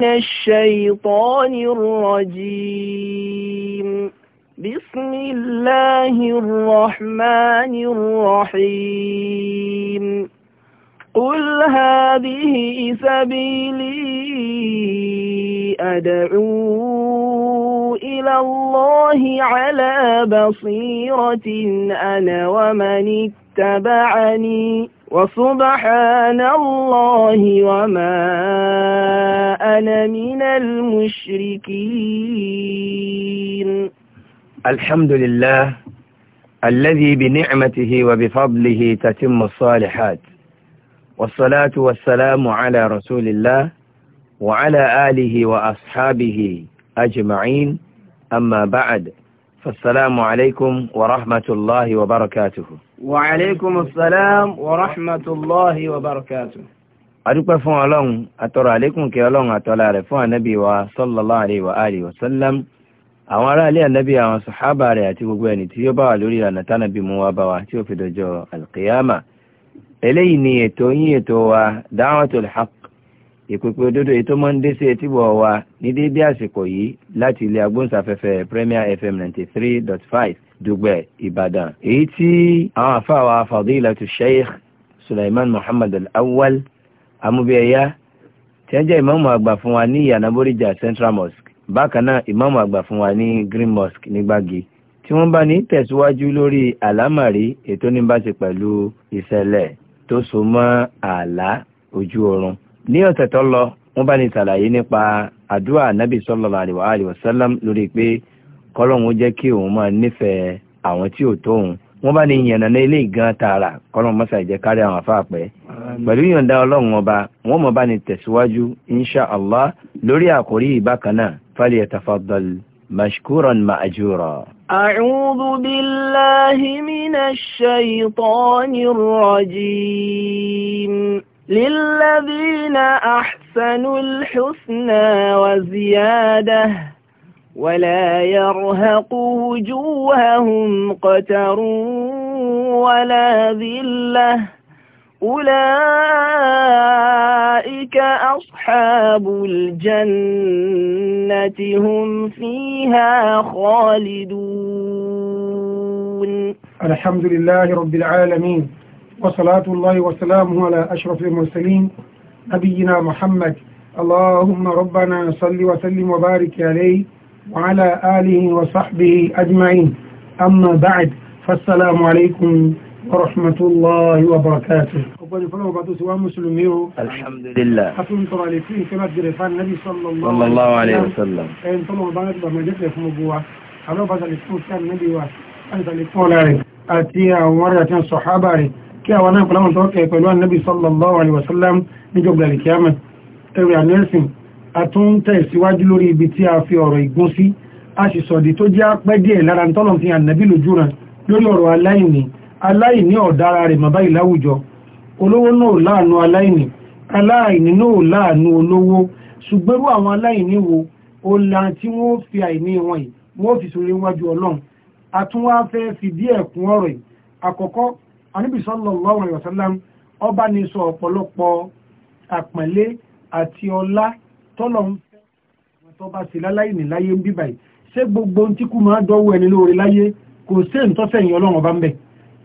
من الشيطان الرجيم بسم الله الرحمن الرحيم قل هذه سبيلي أدعو إلى الله على بصيرة أنا ومن اتبعني وسبحان الله وما أنا من المشركين الحمد لله الذي بنعمته وبفضله تتم الصالحات والصلاة والسلام على رسول الله وعلى آله وأصحابه أجمعين أما بعد فالسلام عليكم ورحمة الله وبركاته وعليكم السلام ورحمة الله وبركاته adúpẹ́ fún ọlọ́run àtọrọ àlékún kí ọlọ́run àtọ́lá rẹ̀ fún ànábì wa sallallahu alaihi wa alihi wa sallam àwọn ará ilé ànábì àwọn sàhábà rẹ̀ àti gbogbo ẹni tí ó bá wà lórí ìlànà tánàbí mú wa bá wa tí ó fi dọjọ́ alkiyama eléyìí ni ètò yín ètò wa da'watul haqq ìpèpè òdodo èyí tó máa ń dé sí etí wọ̀ wa ní déédé àsìkò yìí láti ilé agbóhùnsáfẹ́fẹ́ Premier FM ninety three dot five Dùgbẹ̀ Ìbàdàn èyí tí àwọn àfàwà Fadilatu Sheikh Sulaiman Muhammad Al-Awwal amúbíẹyà tí wọ́n jẹ́ ìmáàmù àgbà fún wa ní ìyànà Central Mosque bákan náà ìmáàmù àgbà fún wa ní Green Mosque ní Gbági tí wọ́n bá ní tẹ̀síwájú lórí àlámàrí ètò níbàṣe pẹ̀lú ìṣẹ̀lẹ̀ tó so mọ́ àlá ojú oorun ní ọ̀sẹ̀ tó lọ wọ́n bá ní sàlàyé nípa àdúrà nábì sallallahu alaihi wa sallam lórí pé kọ́lọ́hún jẹ́ kí òun máa nífẹ̀ẹ́ àwọn tí ò tó òun wọ́n bá ní ìyànnà ilé gan tààrà kọ́lọ́hún mọ́sà ìjẹ́ kárí àwọn afáàpẹ́ pẹ̀lú ìyọ̀ǹda ọlọ́run ọba wọ́n mọ̀ bá ní tẹ̀síwájú insha allah lórí àkórí ìbákan náà falyatafaddal مشكورا مأجورا أعوذ بالله من الشيطان الرجيم للذين أحسنوا الحسنى وزيادة ولا يرهق وجوههم قتر ولا ذلة أولئك أصحاب الجنة هم فيها خالدون الحمد لله رب العالمين وصلاة الله وسلامه على أشرف المرسلين نبينا محمد اللهم ربنا صل وسلم وبارك عليه وعلى آله وصحبه أجمعين أما بعد فالسلام عليكم ورحمة الله وبركاته ọgbọ́n fọ́lọ́wọ́ bá tó ti wá mùsùlùmí o alhamdulillah afún tọrọ lè fún ìfẹ́ bá jẹrẹ fún anábì sallallahu alaihi wasallam ẹni tọ́lọ́wọ́ bá rẹ̀ bàmọ̀ jẹ́kẹ̀ fún ogun wa alọ́bàtà lè fún ìfẹ́ anábì wa àti àwọn ará àti sọ̀hábà rẹ̀ kí àwọn náà pẹ̀lú àwọn tọ́kẹ̀ pẹ̀lú annabi sallallahu alaihi wasallam ní jọgbà lè kíyàmà ẹ̀rẹ̀ anẹ́sìn àtún tẹ̀síwájú lórí ibi tí a fi ọ̀rọ̀ ìgún sí a sì sọ̀dí tó jẹ́ pẹ́ díẹ̀ lára tọ́lọ̀ fi annabi lójú ràn lórí ọ̀rọ̀ aláìní aláìní ọ̀dára rẹ̀ màbá ìláwùjọ olówó náà láàánú aláìní aláìní náà láàánú olówó ṣùgbẹ́rú àwọn aláìní wo ó la àkọ́kọ́ anábì sallallahu alaihi wasallam ọba ní sọ ọ̀pọ̀lọpọ̀ àpọ̀nlé àti ọlá tọ́lọ̀ ń fẹ́ wọn tó bá sì láláì ní láyé ń bíbà yìí ṣé gbogbo ohun tí kú máa dọ́wọ́ ẹni lóore láyé kò sí ní tọ́sẹ̀yìn ọlọ́run ọba ń bẹ̀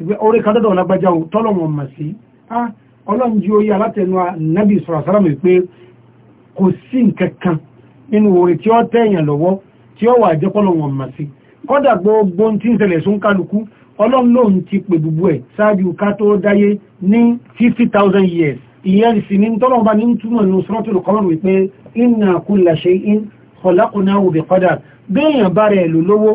ìgbé orí kádọ́dọ̀ ọlágbájá o tọ́lọ̀ wọn mà sí ọlọ́run ọlọ́run lòun ti pè gbogbo ẹ̀ ṣáájú ká tó dáyé ní fifty thousand years ìyẹn sì ní tọ́lọ́run bá ní túmọ̀ ní suratul Qamar wípé inna kulla shay'in khalaqnahu bi qadar béèyàn bá rẹ̀ lò lówó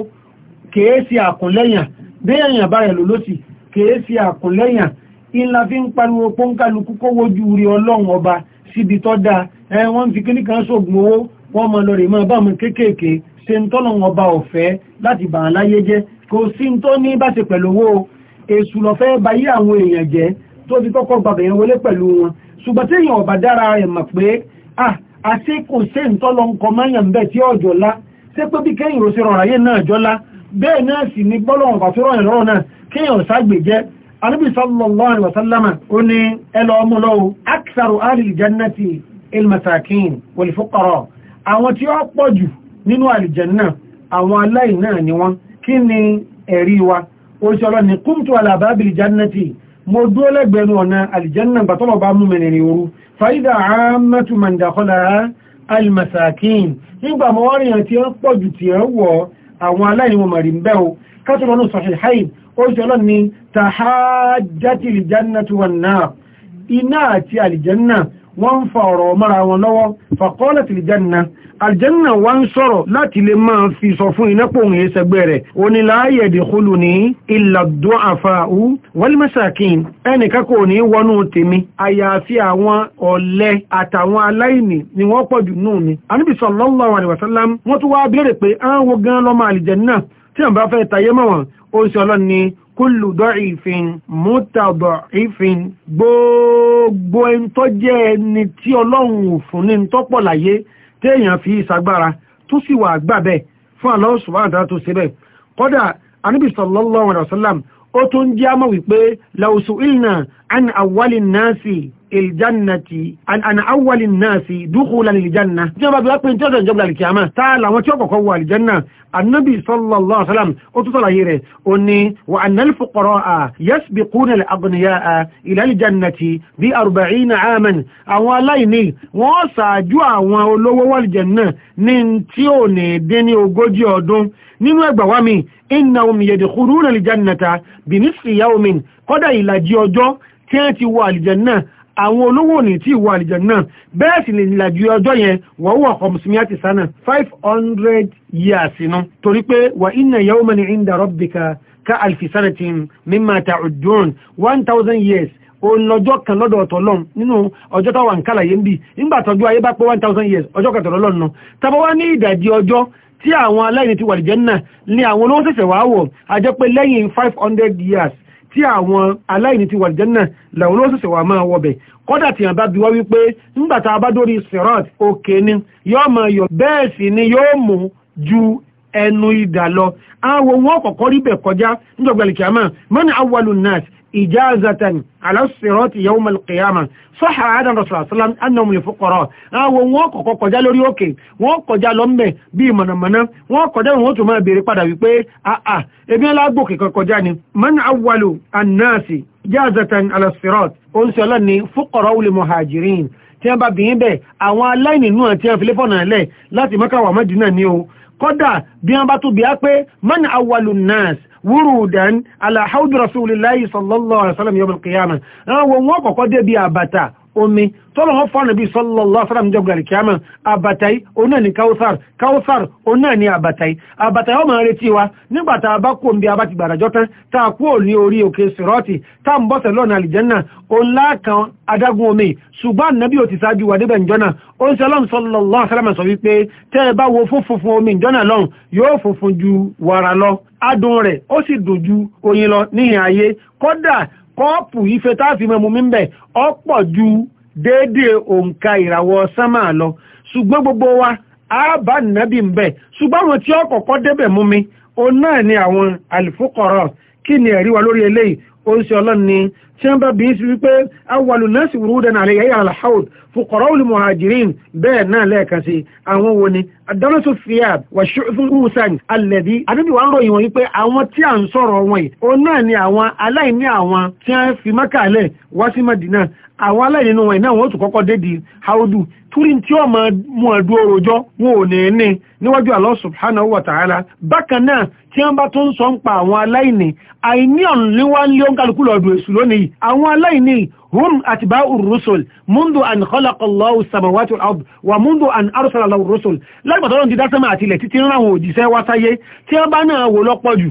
kèési àkùnlẹ́yàn béèyàn bá rẹ̀ lò lọ́sì kèési àkùnlẹ́yàn ìlà fi ń pariwo pọ́nkálukú kó wojú rí ṣe ń tọ́lọ̀wọ̀n ọba ọ̀fẹ́ láti bà láyé jẹ́ kò sí tó ní bá ṣe pẹ̀lú owó èṣù lọ́fẹ́ báyé àwọn èèyàn jẹ́ tó fi kọ́kọ́ gbàbẹ̀ yẹn wọlé pẹ̀lú wọn ṣùgbọ́n tí èèyàn ọba dára rẹ̀ mọ̀ pé àṣẹ ah, kò ṣe ń tọ́lọ̀ǹkọ máyàn bẹ́ẹ̀ tí ọjọ́ lá ṣé pé bí kẹ́yìn ro ṣe rọrọ̀ ayé náà jọ́lá bẹ́ẹ̀ ó ní ẹlọ ọmọ aksaru alìjannati ilmasakin wal àwọn tí ó pọ̀ jù nínú àlìjẹ̀nà àwọn aláìná ni wọ́n kí ni ẹ̀rí wa oṣọ́lọ́ ni kúmtù alábábìlì jannati mo dúó lẹ́gbẹ̀ẹ́nu ọ̀nà àlìjẹ̀nà bàtọ́lọ̀ bá mú mẹ́rin orú fàídà àmàtù màndàkọ́lá almasakin nígbà mọ́ wárìyàn tí wọ́n pọ̀ jù tí wọ́n wọ àwọn aláìní wọn mọ̀rí bẹ́ wọ́n ń fa ọ̀rọ̀ mara wọn lọ́wọ́ fàkọ́lẹ̀ tìlì jẹ́nà aljanna wá ń sọ̀rọ̀ láti lè máa fi sọ fún inápòhun ẹsẹgbẹ́ rẹ̀ oníláyẹ̀ dìkúlù ní ìlàdún àfàáhù wọlmẹ́sàkín ẹnìkan kò ní wọnú tèmi àyàfi àwọn ọ̀lẹ àtàwọn aláìní ni wọ́n pọ̀jù nù mi anábì sallallahu kúlù dọ́ìfin mútàdọ̀ìfin gbogbo ẹni tó jẹ́ ẹni tí ọlọ́run ò fún ní tọ́pọ̀ láyé téèyàn fi ìsagbára tó sì wà gbàbẹ̀ fún Allah subhanahu wa ta'ala tó ṣe bẹ́ẹ̀ ìljannati an awwalin nasi dúkúlà ìljanna tí wọ́n bá bí wápín tí ó jọjọ́ alìkìyàmá tààlà wọn tí ó kọ̀kọ́ wọ alìjanna annabi sallallahu alaihi wasallam ó tó sọ́lá yìí rẹ̀ ó ní wa annal fuqara'a yasbiquna al-aghniya'a ila al-jannati bi arba'ina 'aman àwọn aláìní wọ́n ṣáájú àwọn olówó wàlìjanna ní tí ò ní dín ní ogójì ọdún nínú ẹgbàwá mi innahum yadkhuluna al bi nisfi yawmin kọ́dà ìlàjì ọjọ́ tí wọ́n ti wọ alìjanna àwọn olówó ní tí ìwọ àlìjẹ̀ náà bẹ́ẹ̀ sì nìlàjú ọjọ́ yẹn wọ́n wọ̀ ọmọsùnmí àti sánà 500 years inú torí pé wà inna yawman inda rabbika ká alfisanatin mimma ta'udun 1000 years olọ́jọ́ kan lọ́dọ̀ ọ̀tọ̀ lọ́n nínú ọjọ́ táwà ń kàlàyé ń bì nígbà tọ́jú ayé bá pẹ́ 1000 years ọjọ́ kẹtọ̀rọ̀ lọ́n nà tàbá wá ní ìdajì ọjọ́ tí àwọn aláìní ti wà lìjẹ́ náà ni àwọn olówó ṣẹ̀ṣẹ̀ wá wọ̀ a jẹ́ pé lẹ́yìn 500 years tí àwọn aláìní ti wà jẹ́nà làwọn olóṣèṣẹ̀ wà máa wọ̀bẹ̀ kọ́dà tí àbá bí wá wípé nígbàtà abádórí sirat òkè ni yóò máa yọ bẹ́ẹ̀ sì ni yóò mú ju ẹnu ìdà lọ àwọn wọn kọ̀kọ́ rí bẹ̀ kọjá níjọgbàlìkì àmà mọ́ni awwalun nas إجازة على الصراط يوم القيامة صح عن الرسول صلى الله عليه وسلم أنهم الفقراء àwọn wọn kọ́kọ́ kọjá lórí òkè wọn kọjá lọ ńbẹ̀ bí mọ̀nàmọ́ná wọn kọjá wọn tún máa béèrè padà wípé ah ah ebi la gbo ke kọjá ni man awwalu an-nas jazatan ala as-sirat on se la ni fuqara ul muhajirin tí an bá bi ńbẹ̀ àwọn aláìní nu an tí an fi le fona le láti Mákà wá o kọ́dà bí wọ́n bá tó bí á pé man awwalun nas wúrùdán ala hawd rasulillahi sallallahu alaihi wasallam yawm al-qiyamah omi tọ́lọ̀ wọ́n fọ́nà bí sallallahu alaihi wasallam jọgbà kìámà àbàtàí onáà ni káwùsàr káwùsàr onáà ni àbàtàí àbàtàí ọmọ retí wa nígbàtà abákò ń bí abá ti gbàdájọ́ tán tá a kú òní orí òkè sírọ́ọ̀tì tá a ń bọ́sẹ̀ lọ́nà àlìjẹ́nà ònlá kan adágún omi ṣùgbọ́n nàbí ò ti ṣáájú wà débẹ̀ ìjọ́nà ó ń ṣe ọlọ́run sallallahu alaihi sọ wípé tẹ́ ẹ bá wo funfun omi ìjọ́nà lọ́hùn yóò funfun ju wàrà lọ adùn rẹ̀ ó sì dùn ju oyin lọ níhìn ayé kódà kọ́ọ̀pù ife táàfì mẹ́mu mi ń bẹ̀ ọ̀pọ̀ ju déédéé òǹkà ìràwọ̀ sánmà lọ ṣùgbọ́n gbogbo wa àbá nàbì ń bẹ̀ ṣùgbọ́n àwọn tí ọkọ̀ọ̀kọ́ débẹ̀ mú mi òun náà ni àwọn àlìfúkọ̀rọ̀ kí ni ẹ̀rí wa lórí eléyìí ó ń ṣe ọlọ́run ni tí wọ́n bá bí i sí wípé awàlù náà sì wúrú dẹ̀nà àlẹ́yà yàrá alhaud fukọ̀rọ̀ olùmọ̀ muhajirin bẹ́ẹ̀ náà lẹ́ẹ̀kan sí àwọn wo ni adánásù fiyab wà ṣùfún húsàn alẹ́bí adébí àwọn aláìnínú wọn iná wọn ó tún kọ́kọ́ dédi haudu torí tí ó máa mú ẹ̀dú orojọ́ wọn ò ní ní níwájú Allah subhanahu wa ta'ala bákan náà tí wọ́n bá tó ń sọ ń pa àwọn aláìní àìní ọ̀nà ní wá ń lé oúnkàlùkù lọ́dún èṣù lónìí àwọn aláìní hum atba'ur rusul mundu an khalaqa Allahu as-samawati wal wa mundu an arsala Allahu ar-rusul lágbàtọ́lọ́n ti dá sẹ́mà àti ilẹ̀ títí ń ráwọn òjíṣẹ́ wáṣáyé tí wọ́n bá náà wò lọ́pọ̀ jù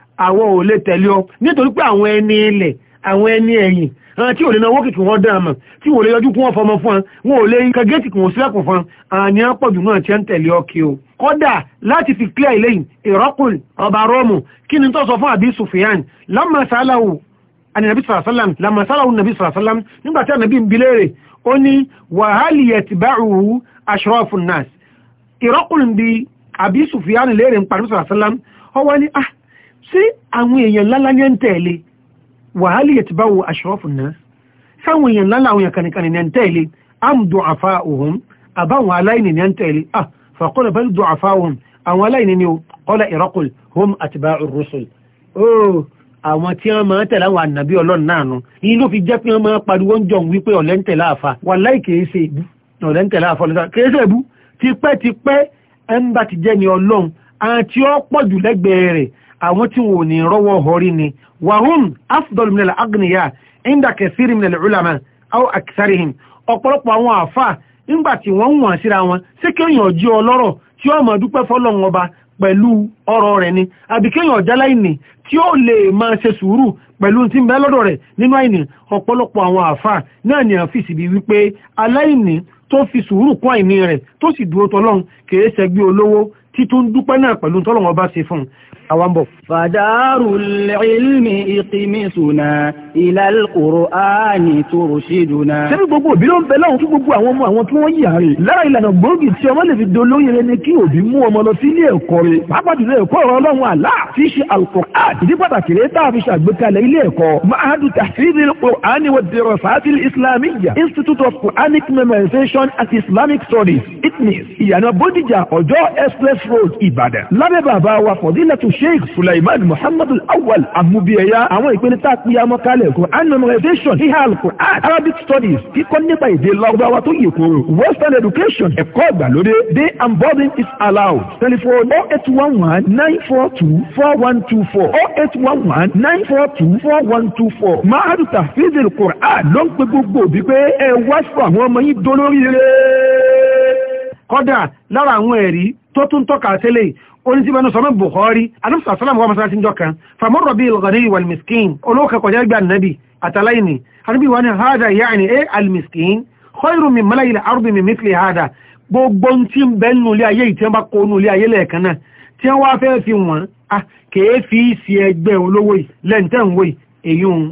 àwọn ò lè tẹ̀lé ọ nítorí pé àwọn ẹni ilẹ̀ àwọn ẹni ẹ̀yìn àwọn tí ò lè náwó kìkì wọn dáa mọ̀ tí wọ́n lè yọjú kún wọn fọmọ fún wọn ò lè ka géètì kún wọn sílẹ̀kùn fún àní àpọ̀jù náà tí ń tẹ̀lé ọkì o kódà láti fi clear ilé yìí ìrọ́kùn ọba rọ́ọ̀mù kí ni tó sọ fún àbí Sufyan lọ́mọ sálàwù àni nàbí sàrásálàm lọ́mọ sálàwù nàbí sàrásálàm nígbà tí ànàbí ń bi léèrè ó ní wàhálì ashrafun nas ìrọ́kùn bí àbí Sufyan léèrè ń parí sàrásálàm ó wá ah sí àwọn èèyàn lálá ní ń tẹ̀lé wàhálì yẹ̀ ti bá wo aṣọ́fù náà sáwọn èèyàn lálá àwọn èèyàn kànìkànì ní ń tẹ̀lé àmdù àfà òhun àbáwọn aláìní ní ń tẹ̀lé ah fàkọ́lẹ̀ bẹ́ẹ̀ dùn àfà òhun àwọn aláìní ni ó kọ́lẹ̀ ìrọ́kùl hom àti bá rúṣùl àwọn tí wọ́n máa tẹ̀lé àwọn ànàbí ọlọ́run náà nu yìí ló fi jẹ́ pé wọ́n máa pariwo ń jọun wípé ọ̀lẹ́ ń tẹ̀lé àwọn tí wọ́n ní rọ́wọ́ họrí ni wàhún afdol minal agniya inda kẹsìrì minal ulama aw akisarihim ọ̀pọ̀lọpọ̀ àwọn àfà nígbà tí wọ́n ń wọ̀n síra wọn ṣé kéèyàn jí ọlọ́rọ̀ tí ó mọ̀ dúpẹ́ fọ́lọ́run ọba pẹ̀lú ọ̀rọ̀ rẹ̀ ni àbí kéèyàn jáláìní tí ó lè máa ṣe sùúrù pẹ̀lú tí ń bẹ lọ́dọ̀ rẹ̀ nínú àìní ọ̀pọ̀lọpọ̀ àwọn àfà náà ni àfíìsì bí wípé aláìní tó fi sùúrù kún àìní rẹ̀ tó sì dúró tọlọ́run kèé ṣẹgbẹ́ olówó títún dúpẹ́ náà pẹ̀lú tọ́lọ́run ọba ṣe fún un awambo. fadarul ilmi iqimisuna ilal qur'ani turshiduna. sẹ́ni gbogbo òbí ló ń bẹ láwọn fún gbogbo àwọn ọmọ àwọn tí wọ́n yà rè. lára ìlànà gbòógì tí ọmọ lè fi dolóyè rẹ ni kí òbí mú ọmọ lọ sí ilé ẹ̀kọ́ rẹ. pàápàá institute of quranic memorization and islamic studies itnis ìyànà bódìjà ọjọ́ express road ìbàdàn. lábẹ́ bàbá wa fọ̀dílẹ̀ tó ṣ sheikh sulaiman muhammad awal amubiyaya àwọn ìpele tá a pè ya mọ́kálẹ̀ quran memorization hiha quran arabic studies kíkọ́ nípa èdè lọ́gbàwá tó yẹ kóró western education ẹ̀kọ́ ìgbàlódé day and boarding is allowed telephone oh eight one one nine four two four one two four oh eight one one nine four two four one two four mahadu tafizil quran ló ń pe gbogbo òbí pé ẹ wá fún àwọn ọmọ yín dolóríire kọ́dà lára àwọn ẹ̀rí tó tún tọ́ka tẹ́lẹ̀ oníṣẹ́bẹ̀nu sọmọ́ Bukhari anúfà sọ́lá wọ́n masára ti ń jọka famọ́rọ̀ bí al-ghani wal-miskin olóòkà kọjá gbà nàbì àtàláìní àníbí wọn ni hada yaani e eh, al-miskin khairu min malayil ardi min mithli hada gbogbo tí ń bẹ nù ilé ayé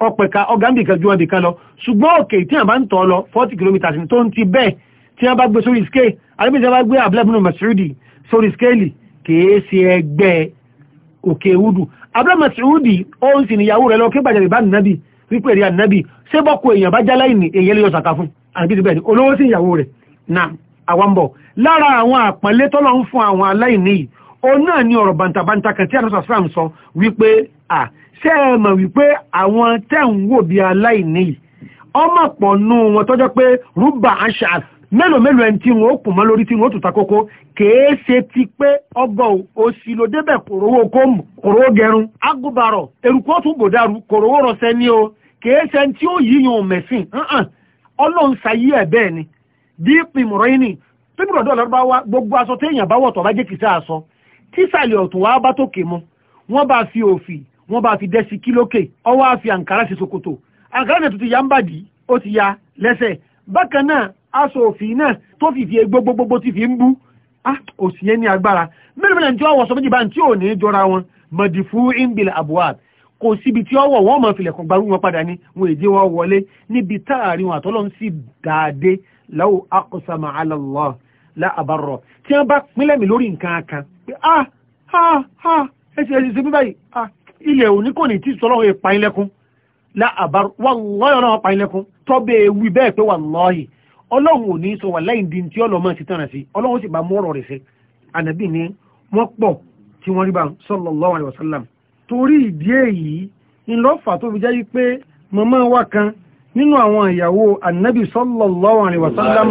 ọpẹ̀ka ọgánbìkan ju lọ ṣùgbọ́n òkè tí a bá ń tọ́ lọ 40 km tó ń ti bẹ́ẹ̀ tí a bá gbé sórí scale àríbí tí bá gbé sórí udu ó ń rẹ̀ lọ kí nàbì wípé rí ànàbì ṣé bọ́kù èèyàn bá jálá ìní èèyàn sàkà fún ni olówó sí ìyàwó rẹ̀ na àwọn bọ̀ lára àwọn àpọ̀nlé tọ́lọ́ ń fún òun náà ni ọ̀rọ̀ bàǹtàbàǹtà kan tí àtúnṣe àṣírà sọ wípé à se ẹ mọ̀ wípé àwọn tẹ́ ń wò bí aláìní ọ ọmọ pọ̀ nù wọn tọ́jọ́ pé rúbà ashas mélòó mélòó ẹni tí wọn ó kùn mọ́ lórí tí wọn ó tùta kókó kèé ṣe ti pé ọgbọ̀n òsì ló débẹ̀ kòrówó kóòmù kòrówó gẹrun agùbàrọ̀ kòrówó rọṣẹ́ ní o kèé ṣe tí ó yíyan ọlọ́run ṣayé ẹ̀ bẹ́ẹ̀ ni bí yín ni gbogbo aṣọ téèyàn bá tísàlẹ̀ ọ̀tún wá bá tókè mọ́ wọ́n bá fi òfì wọ́n bá fi dẹ́sí kí lókè ọwọ́ àfi àǹkárá sí ṣòkòtò àǹkárá náà tó ti ya ń bàdí ó ti ya lẹ́sẹ̀ bákan náà aṣọ òfì náà tó fi fi gbogbogbò ti fi ń bú òsì yẹn ní agbára mẹ́rin mẹ́rin tí ọwọ́ sọ méjì bá ń tí ò ní jọra wọn mọ̀dì fún imbil abuad kò síbi tí ọwọ́ wọn mọ̀ filẹ̀kùn gbarú wọn padà ní wọn èdè wọn wọlé níbi táàrin wọn àtọ́lọ́ ń sì dáadé láwọ akọsàmà alàlọ́ láàbárọ̀ tí wọ́n bá pínlẹ̀ mi lórí nǹkan kan pé ah ah ah ẹsẹ̀ ẹsẹ̀ bí báyìí ah ilẹ̀ òní kò ní tí sọlọ́wọ́ ìpa ilẹ̀kùn la àbárò wàlọ́yọ̀ náà pa ilẹ̀kùn tọ́bẹ̀ ewu bẹ́ẹ̀ pé wàlọ́yì ọlọ́run ò ní sọ wà láì di tí ọlọ́mọ ti tàn sí ọlọ́run sì bá mú ọ̀rọ̀ rẹ̀ sí ànàbì ni wọ́n pọ̀ tí wọ́n rí bá sallallahu alaihi wasallam torí ìdí èyí ńlọ́fà tó fi jẹ́ pé màmá wa kan nínú àwọn ìyàwó ànàbì sallallahu alaihi wasallam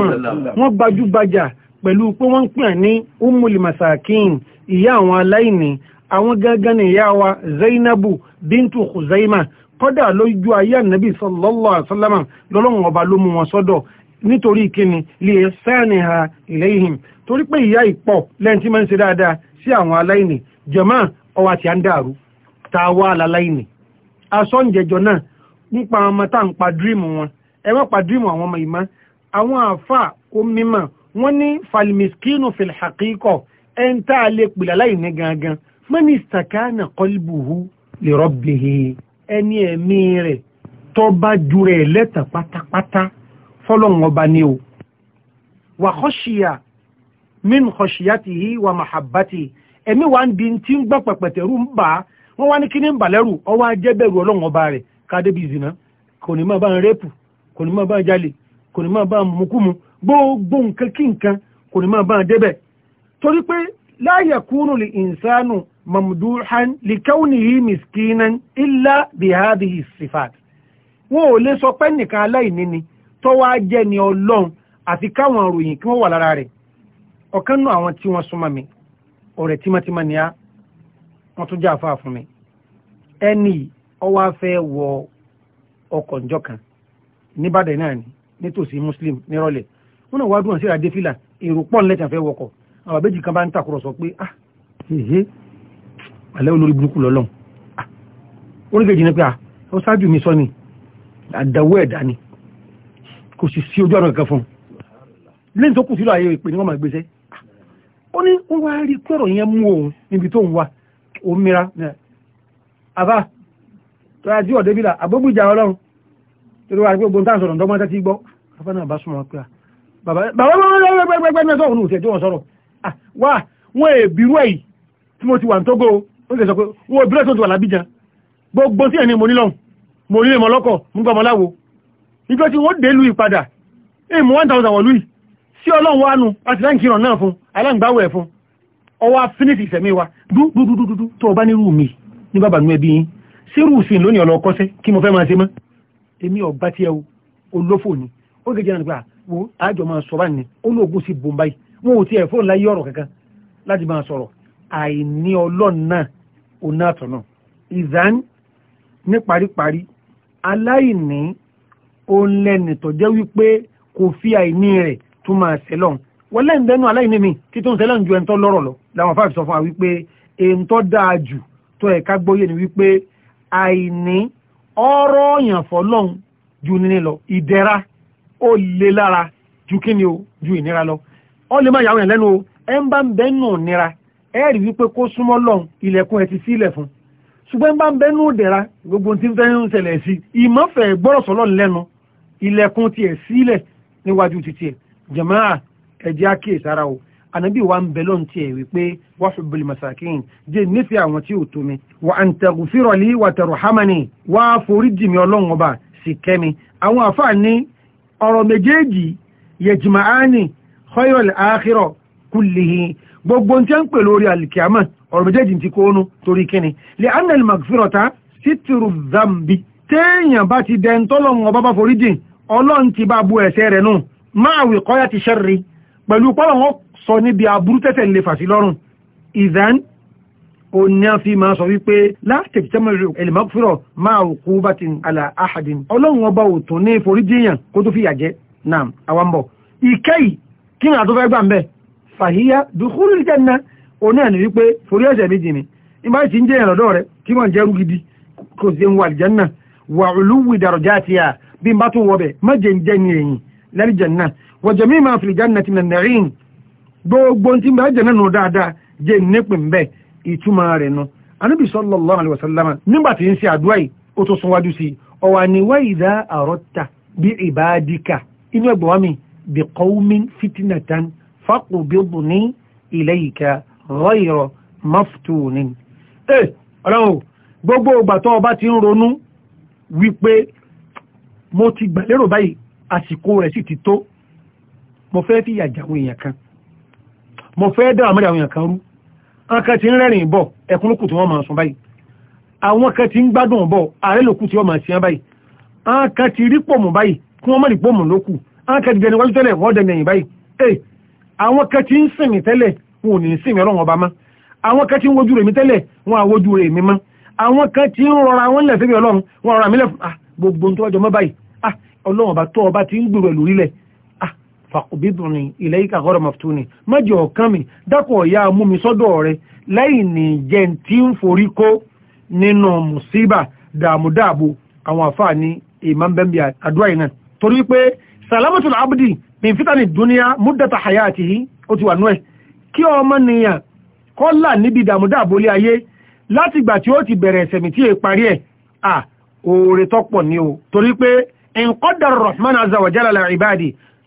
wọ́n gbajúgbajà pẹ̀lú pé wọ́n ń pè ní umul masakin ìyá àwọn aláìní àwọn gangan ni ìyá wa zainabu bintu khuzaima kọ́dà lójú ayé ànábì sallallahu alaihi wasallam lọ́lọ́run ọba ló mú wọn sọ́dọ̀ nítorí kíni lè sáàni ha ilayhim torí pé ìyá ìpọ̀ lẹ́yìn tí máa ń ṣe dáadáa sí àwọn aláìní ń dàrú ta ọmọ tá ń pa wọ́n ní falmiskinu filhakiko ẹn tá a lè pìlà láì ní gangan mọ́ni istakana kọlbùhù lè rọ́bìhì ẹni ẹ̀mí rẹ̀ tó bá ju rẹ̀ lẹ́tàn pátápátá fọ́lọ́n ọba ni o wà kọ́ṣíyà min kọ̀ṣíyàtìhì wà màhàbátì ẹ̀mí wa ń di tí ń gbọ́ pẹ̀pẹ̀tẹ̀ ń bà á wọ́n wá ní kí ní ń bà lẹ́rù ọwọ́ ajẹ́bẹ̀rù ọlọ́run ọba bá ń rẹ́pù gbogbo nǹkan kí nǹkan kò ní máa bá a débẹ̀ torí pé la yakunu li insanu mamduhan li kawnihi miskinan illa bi hadhihi sifat wọn ò lè sọ pé nìkan aláìní ni tó wá jẹ́ ni ọlọ́run àfi káwọn ròyìn kí wọ́n wà lára rẹ̀ ọ̀kan nù àwọn tí wọ́n súnmọ́ mi ọ̀rẹ́ tímọ́tímọ́ ni á wọ́n tún jẹ́ àfáà fún mi ẹni ọwọ́ afẹ́ wọ ọkọ̀ ǹjọ́ kan níbàdàn náà ni nítòsí muslim nírọ̀lẹ́ wọn náà wá dùn àṣírí adéfìlà èrò pọ̀ nílẹ̀ tàfẹ́ wọkọ̀ àwọn àbẹ́jì kan bá ń takùrọ̀sọ pé ah ṣèṣe alẹ́ olórí burúkú lọ́lọ́n ah oríkèjì ni pé ah ó ṣáájú mi sọ ni àdáwọ́ ẹ̀dá ni kò sì sí ojú ọ̀nà kankan fún un lẹ́yìn tó kù sílò ayé ìpè ni wọ́n máa gbéṣẹ́ ah, ó ní wọ́n wá rí kọ́rọ̀ yẹn mú òun níbi tó ń wa òun mìíràn àbá tọ́jú ọ̀dẹ́bílà àbógbìjà ọlọ́run torí wà á rí pé gbóntàn sọ̀rọ̀ ǹdọ́gbọ́n tẹ́tí gbọ́ afẹ́ náà bá súnmọ́ pé ah, bàbá bàbá gbẹgbẹgbẹgbẹ náà sọ̀rọ̀ òtẹ̀ tí wọ́n sọ̀rọ̀ wá wọ́n èbírú ẹ̀yí tí mo ti wà ní Tógó ó sì sọ pé wọ́n èbírú ẹ̀tọ́ ti wà lábíjan gbogbo sí ẹni mo nílọ mo nílé mọ lọ́kọ̀ mo gbọmọ láwo ìjọ tí wọ́n dé lu ìpadà èèmù one thousand wọ̀lú yìí sí ọlọ́run wa nu àti láǹkì ìràn náà fún aláǹgbáwẹ̀ fún ọwọ́ fínísì ìfẹ̀mí wa dúdúdúdú tó o bá nírú mi ní bàbá nu ẹbí yín sírù sí lónìí ọ̀lọ́ kọ́sẹ́ kí mo fẹ́ máa ṣe mọ́ èmi ọ̀gbá tiẹ̀ o olófò ni ó gẹ̀jẹ̀ náà nípa wo àjọ máa sọ báyìí olóògùn sí bombay wọn ò tiẹ̀ fóònù láyé ọ̀rọ̀ kankan láti máa sọ̀rọ̀ àìní ọlọ́run náà òun náà tọ̀nà ìzán ní paríparí aláìní òun lẹ́nì tó jẹ́ wípé kò fi àìní rẹ̀ tún máa sẹ́lọ̀n wọ́n lẹ́yìn bẹ́nu aláìní mi kí tó ń sẹ́lọ̀n ju ẹni tó lọ́rọ̀ lọ làwọn fáfi sọ fún wa wípé èyí tó dáa jù tó ẹ̀ka gbóyè ni wípé àìní ọ̀rọ̀ ọ̀yàn fọlọ́n ju níní lọ ìdẹ̀ra ó lè lára ju kí ni o ju ìnira lọ ó lè máa yàwó yàn lẹ́nu o ẹ ń bá ń bẹ́ nù nira ẹ rí wípé kó súnmọ́ lọ́hùn ilẹ̀kùn ẹ ti sílẹ̀ fún ṣùgbọ́n ń bá ń bẹ́ nù dẹ̀ra gbogbo tí ń fẹ́ ń ṣẹlẹ̀ sí ìmọ̀fẹ́ gbọ́rọ̀ sọ́lọ́ lẹ́nu ilẹ̀kùn tiẹ̀ sílẹ̀ níwájú titi ẹ̀ jàmáà ẹ̀jẹ̀ àkíyèsára o anabi wa ń bẹ̀lọ́ ti ẹ̀ wípé wà fi bẹ̀lẹ̀ masakin jẹ́ nífẹ̀ẹ́ àwọn tí ò tómi wà á ń wà tẹ̀rù hámánì wà á forí jìmí ọlọ́run ọba sì kẹ́mi àwọn àfáà ní ọ̀rọ̀ méjèèjì yẹjìmáàánì khoyrol akhirọ kullihi gbogbo tí a ń pè lórí alìkíámà ọ̀rọ̀ méjèèjì ti kóónú torí kíni lè annal magfirota sitiru zambi téèyàn bá ti dẹn tọ́lọ̀n ọba bá forí jìn ọlọ́run ti bá bu ẹ̀ṣẹ̀ rẹ̀ nù máa wì kọ́yà ti ṣẹ́rì pẹ̀lú pọ́lọ̀ wọn sọ níbi aburú tẹ́tẹ̀ lè fà sí lọ́rùn ìdán o ní a fi máa sọ wípé látẹ̀kì tẹ́mọ̀ ẹ̀lẹ́mọ́fúrọ̀ máa òkú bá ti àlà àhàdìn ọlọ́run ọba ò tún ní ìforíjìyàn kó tó fi yà jẹ́ náà àwọn bọ̀ ìkẹyì kí ni àtúfẹ́ gbà ń bẹ̀ fàhíyá dùkúrú ní jẹ́nà o ní àná wípé ni ìbá ti ń jẹ́ ìrìn lọ́dọ̀ rẹ kí wọ́n jẹ́rú gidi kò sí bá jẹ́ ń dáadáa jẹ́ nípìn bẹ́ẹ̀ ìtumọ̀ rẹ̀ nu anábì sallallahu alaihi wasallam nígbà tí ń ṣe àdúrà yìí ó tó súnwájú sí ọwà ni wa idha aradta bí ibadika inú ẹgbẹ̀ wá mi bi qawmin fitnatan faqbidni ilayka ghayra maftunin ẹ ọlọ́run gbogbo ìgbà tó ti ń ronú wípé mo ti gbàlérò báyìí àsìkò rẹ̀ sì ti tó mo fẹ́ fìyà jàwọn èèyàn kan mo fẹ́ dáwà mẹ́rin àwọn kan ti ń rẹ́rìn bọ̀ ẹkún lókù tí wọ́n máa sun báyìí àwọn kan ti ń gbádùn bọ̀ ààrẹ lókù tí wọ́n máa sìn báyìí àwọn kan ti rí pòmù báyìí kí wọ́n má rí pòmù lókù àwọn kan ti dẹni wájú tẹ́lẹ̀ wọ́n dẹni ẹ̀yìn báyìí ee àwọn kan ti ń sìn mí tẹ́lẹ̀ wọn ò ní sìn mí ọlọ́run ọba má àwọn kan ti ń ah gbogbo ohun ah ọlọ́run ọba tó ọba ti fàkùbídùnì ilẹ̀ ìkà gọ́rọ̀ mọ̀túnì mọ́jọ ọ̀kan mi dákọ̀ ọ̀yá mú mi sọ́dọ̀ rẹ lẹ́yìn ní jẹ́ tí ń forí kó nínú mùsíbà dààmúdààbò àwọn àfáà ní ìmọ̀bẹ̀mbì àdúrà iná torí pé salamatul abdi min fitani duniya muddata hayatihi ó ti wà nú ẹ̀ kí ọmọ nìyàn kọ́ là níbi dààmúdààbò lé ayé láti ìgbà tí ó ti bẹ̀rẹ̀ ẹ̀sẹ̀mì tí è parí ẹ̀ à oore tọ́pọ̀ ni o torí pé in qadar rahman azawajala ibadi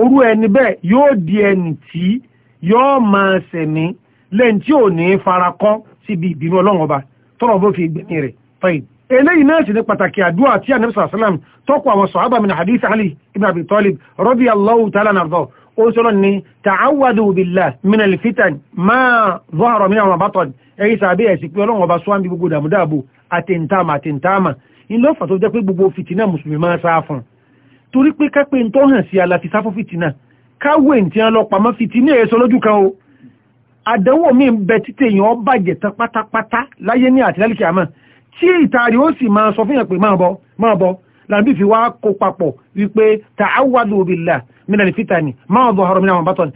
orú ẹni bẹ́ẹ̀ yóò di ẹni tí yóò máa sẹ̀mí lẹ́yìn tí ò ní farakọ́ síbi ìbínú ọlọ́run ọba tọ́rọ̀ bó fi gbẹ̀mí rẹ̀ fẹ́yìn eléyìí náà sì ní pàtàkì àdúrà tí ànábì sallallahu alaihi wasallam tọ́kọ̀ àwọn sọ̀hábà min hadith ali ibn abi talib radiyallahu ta'ala anhu ó sọ́rọ̀ ni ta'awwadu billah min al-fitan ma zahara minha wa batan èyí sàbí ẹ̀sì pé ọlọ́run ọba sọ́wọ́n gbogbo dàmúdàbò àtẹ̀ntàmà àtẹ̀ntàmà ilé ọ̀fà tó jẹ́ pé gbogbo fìtínà mùsùlùmí máa sáà fún un torí pé kápẹ́ ń tọ́hàn sí aláfi sáfún fìtínà káwé tí wọ́n lọ pamọ́ fìtínà èso lójú kan o àdánwò mi bẹ títẹ̀ èèyàn bàjẹ́ tán pátápátá láyé ní àtìlẹ́lìkì àmọ́ tí ìtaari ó sì máa sọ fún yàn pé máa bọ̀ máa fi wá kó papọ̀ wípé ta'awwadu máa bọ̀ ọ̀rọ̀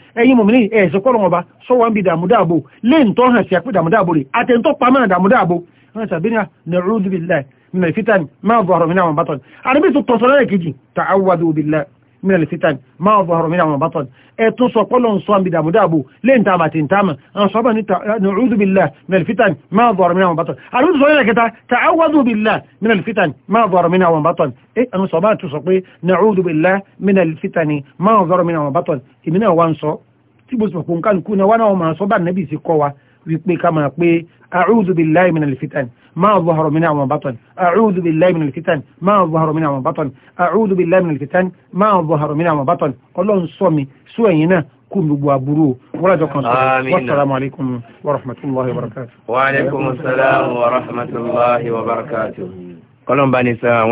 ẹ̀yìn ní من الفتن ما ظهر منها وما بطن عربية التصرية كيجي تعوذوا بالله من الفتن ما ظهر منها وما بطن اتصوا قلهم صوان بدام دابو لين تاما تنتاما أصابا نعوذ بالله من الفتن ما ظهر منها وما بطن عربية التصرية كتا تعوذوا بالله من الفتن ما ظهر منها وما بطن ايه أنا تصقي نعوذ بالله من الفتن ما ظهر منها وما بطن إمنا وانصو tí bó ti mọ̀ pé nǹkan kú náà wá náà máa sọ أعوذ بالله من الفتن ما ظهر منها وما بطن أعوذ بالله من الفتن ما ظهر منها وما بطن أعوظ بالله من الفتن ما ظهر منها وما بطن Ọlọ́run ṣọ́ mi ṣọ́ ẹ̀yin náà kún gbogbo aburú wọ́lájọ́ kan sọ́rọ̀ wàsàlámù alaikum wa rahmatullahi wa barakatuh. wa alaikum salam wa rahmatullahi wa barakatuh. kọlọmbani sàn